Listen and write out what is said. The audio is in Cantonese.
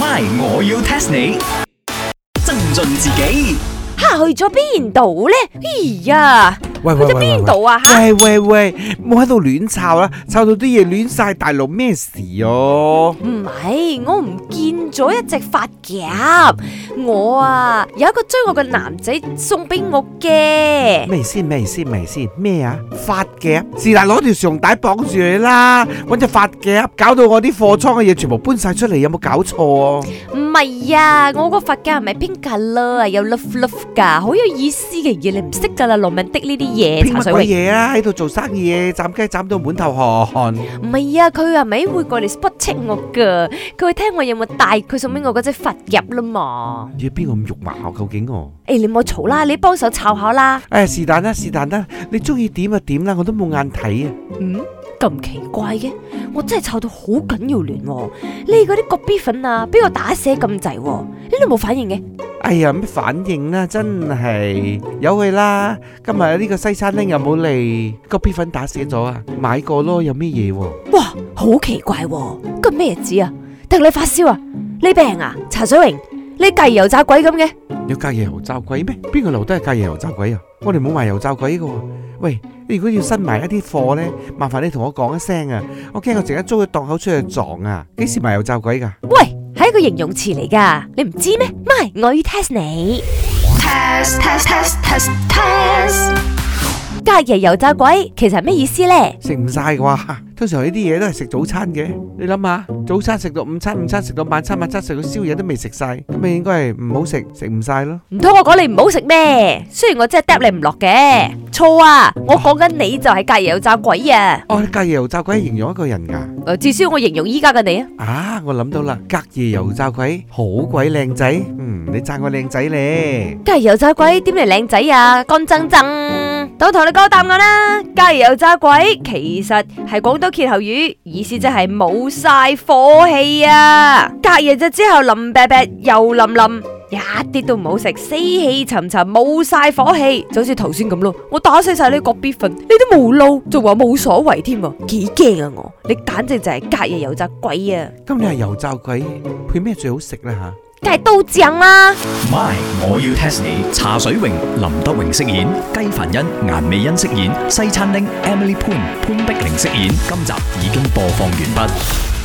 My, 我要 test 你，增進自己。嚇、啊，去咗邊度呢？哎呀！佢喺邊度啊？吓！喂喂喂，冇喺度亂抄啦，抄到啲嘢亂晒大陸咩事哦？唔係，我唔見咗一隻髮夾，我啊有一個追我嘅男仔送俾我嘅。咩意思？咩意思？咩意思？咩啊？髮夾？是但，攞條長帶綁住你啦，搵隻髮夾，搞到我啲貨倉嘅嘢全部搬晒出嚟，有冇搞錯啊？唔係啊，我個髮夾係咪 pink gold 啊？有 loft loft 噶，好有意思嘅嘢，你唔識噶啦，羅文的呢啲。邊乜鬼嘢啊！喺度做生意，斬雞斬到滿頭汗。唔係啊，佢係咪會過嚟 spot check 我噶。佢會聽我有冇帶佢送俾我嗰隻佛入啦嘛。咦？邊個咁肉麻、啊、究竟我？誒、欸，你唔好嘈啦，你幫手炒下啦。誒、哎，是但啦，是但啦。你中意點就點啦，我都冇眼睇啊。嗯？咁奇怪嘅，我真係炒到好緊要亂喎、啊。你嗰啲角 B 粉啊，俾我打死咁滯、啊，你都冇反應嘅。哎呀，咩反應啊？真係有去啦！今日呢個西餐廳又冇嚟，個麵粉打死咗啊！買過咯，有咩嘢？哇，好奇怪，今日咩日子啊？聽你發燒啊？你病啊？查水榮，你隔夜油炸鬼咁嘅？有隔夜油炸鬼咩？邊個樓都係隔夜油炸鬼啊？我哋冇賣油炸鬼噶。喂，你如果要新買一啲貨咧，麻煩你同我講一聲啊！我驚我成日租嘅檔口出去撞啊！幾時賣油炸鬼噶？喂！係一個形容詞嚟㗎，你唔知咩？唔係，我要 test 你。Test, test, test, test, test. 隔夜油炸鬼其實係咩意思呢？食唔晒嘅話，通常呢啲嘢都係食早餐嘅。你諗下，早餐食到午餐，午餐食到晚餐，晚餐食到宵夜都未食晒，咁咪應該係唔好食，食唔晒咯。唔通我講你唔好食咩？雖然我真係嗒你唔落嘅。錯、嗯、啊，我講緊你就係隔夜油炸鬼啊！哦，隔夜油炸鬼形容一個人噶、啊呃。至少我形容依家嘅你啊。啊，我諗到啦，隔夜油炸鬼好鬼靚仔。嗯，你讚我靚仔咧。隔夜油炸鬼點嚟靚仔啊？乾爭爭。都同你講答案啦，隔夜油炸鬼其實係廣東歇後語，意思即係冇晒火氣啊！隔夜咗之後淋白白油淋淋，一啲都唔好食，死氣沉沉，冇晒火氣， 就好似頭先咁咯。我打死晒你個 B 份，你都冇撈，仲話冇所謂添、啊，幾驚啊我！你簡直就係隔夜油炸鬼啊！今日係油炸鬼配咩最好食啦吓？梗係刀丈啦！My，我要 test 你。茶水榮、林德榮飾演；雞凡欣、顏美欣飾演；西餐廳 Emily p o 潘潘碧玲飾演。今集已經播放完畢。